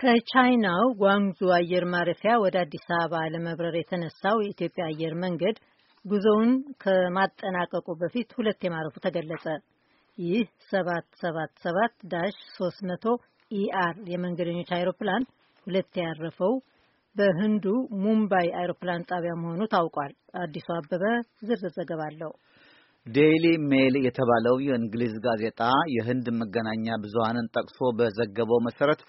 ከቻይናው ጓንግዙ አየር ማረፊያ ወደ አዲስ አበባ ለመብረር የተነሳው የኢትዮጵያ አየር መንገድ ጉዞውን ከማጠናቀቁ በፊት ሁለት የማረፉ ተገለጸ። ይህ 777 ዳሽ 300 ኢአር የመንገደኞች አይሮፕላን ሁለት ያረፈው በህንዱ ሙምባይ አይሮፕላን ጣቢያ መሆኑ ታውቋል። አዲሱ አበበ ዝርዝር ዘገባ አለው። ዴይሊ ሜል የተባለው የእንግሊዝ ጋዜጣ የህንድ መገናኛ ብዙሃንን ጠቅሶ በዘገበው መሰረት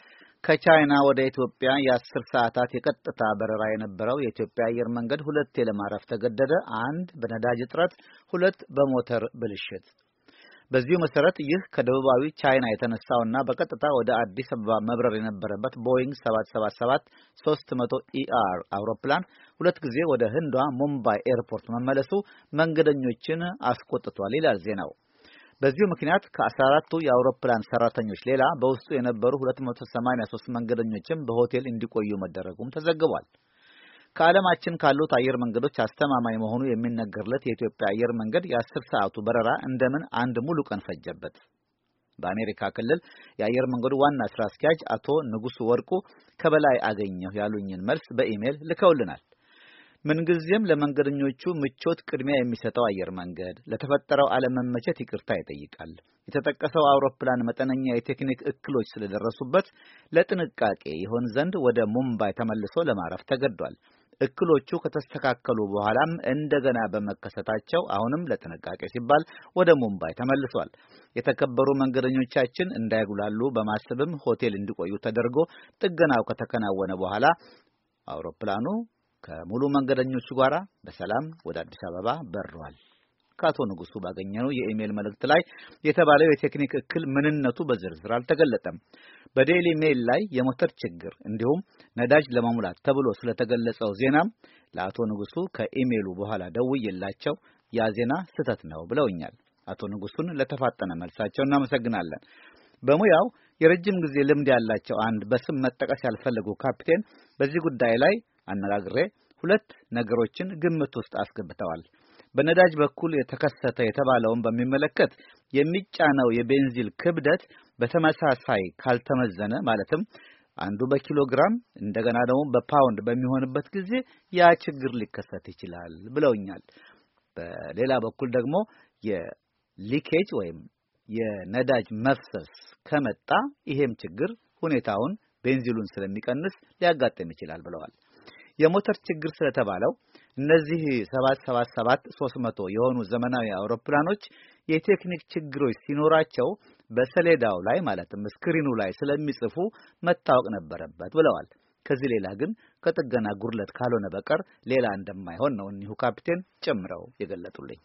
ከቻይና ወደ ኢትዮጵያ የአስር ሰዓታት የቀጥታ በረራ የነበረው የኢትዮጵያ አየር መንገድ ሁለቴ ለማረፍ ተገደደ። አንድ በነዳጅ እጥረት፣ ሁለት በሞተር ብልሽት። በዚሁ መሰረት ይህ ከደቡባዊ ቻይና የተነሳውና በቀጥታ ወደ አዲስ አበባ መብረር የነበረበት ቦይንግ 777 300 ኢአር አውሮፕላን ሁለት ጊዜ ወደ ህንዷ ሙምባይ ኤርፖርት መመለሱ መንገደኞችን አስቆጥቷል ይላል ዜናው። በዚሁ ምክንያት ከ14ቱ የአውሮፕላን ሰራተኞች ሌላ በውስጡ የነበሩ 283 መንገደኞችም በሆቴል እንዲቆዩ መደረጉም ተዘግቧል። ከዓለማችን ካሉት አየር መንገዶች አስተማማኝ መሆኑ የሚነገርለት የኢትዮጵያ አየር መንገድ የአስር ሰዓቱ በረራ እንደምን አንድ ሙሉ ቀን ፈጀበት? በአሜሪካ ክልል የአየር መንገዱ ዋና ስራ አስኪያጅ አቶ ንጉሱ ወርቁ ከበላይ አገኘሁ ያሉኝን መልስ በኢሜይል ልከውልናል። ምንጊዜም ለመንገደኞቹ ምቾት ቅድሚያ የሚሰጠው አየር መንገድ ለተፈጠረው አለመመቸት ይቅርታ ይጠይቃል። የተጠቀሰው አውሮፕላን መጠነኛ የቴክኒክ እክሎች ስለደረሱበት ለጥንቃቄ ይሆን ዘንድ ወደ ሙምባይ ተመልሶ ለማረፍ ተገዷል። እክሎቹ ከተስተካከሉ በኋላም እንደገና በመከሰታቸው አሁንም ለጥንቃቄ ሲባል ወደ ሙምባይ ተመልሷል። የተከበሩ መንገደኞቻችን እንዳይጉላሉ በማሰብም ሆቴል እንዲቆዩ ተደርጎ ጥገናው ከተከናወነ በኋላ አውሮፕላኑ ከሙሉ መንገደኞቹ ጋራ በሰላም ወደ አዲስ አበባ በሯል። ከአቶ ንጉሱ ባገኘነው የኢሜይል መልእክት ላይ የተባለው የቴክኒክ እክል ምንነቱ በዝርዝር አልተገለጠም። በዴይሊ ሜይል ላይ የሞተር ችግር እንዲሁም ነዳጅ ለመሙላት ተብሎ ስለተገለጸው ዜናም ለአቶ ንጉሱ ከኢሜይሉ በኋላ ደውዬላቸው ያ ዜና ስህተት ነው ብለውኛል። አቶ ንጉሱን ለተፋጠነ መልሳቸው እናመሰግናለን። በሙያው የረጅም ጊዜ ልምድ ያላቸው አንድ በስም መጠቀስ ያልፈለጉ ካፕቴን በዚህ ጉዳይ ላይ አነጋግሬ ሁለት ነገሮችን ግምት ውስጥ አስገብተዋል። በነዳጅ በኩል የተከሰተ የተባለውን በሚመለከት የሚጫነው የቤንዚል ክብደት በተመሳሳይ ካልተመዘነ ማለትም አንዱ በኪሎ ግራም እንደገና ደግሞ በፓውንድ በሚሆንበት ጊዜ ያ ችግር ሊከሰት ይችላል ብለውኛል። በሌላ በኩል ደግሞ የሊኬጅ ወይም የነዳጅ መፍሰስ ከመጣ ይሄም ችግር ሁኔታውን ቤንዚሉን ስለሚቀንስ ሊያጋጥም ይችላል ብለዋል። የሞተር ችግር ስለተባለው እነዚህ ሰባት ሰባት ሰባት ሶስት መቶ የሆኑ ዘመናዊ አውሮፕላኖች የቴክኒክ ችግሮች ሲኖራቸው በሰሌዳው ላይ ማለትም ስክሪኑ ላይ ስለሚጽፉ መታወቅ ነበረበት ብለዋል። ከዚህ ሌላ ግን ከጥገና ጉድለት ካልሆነ በቀር ሌላ እንደማይሆን ነው እኒሁ ካፕቴን ጨምረው የገለጡልኝ።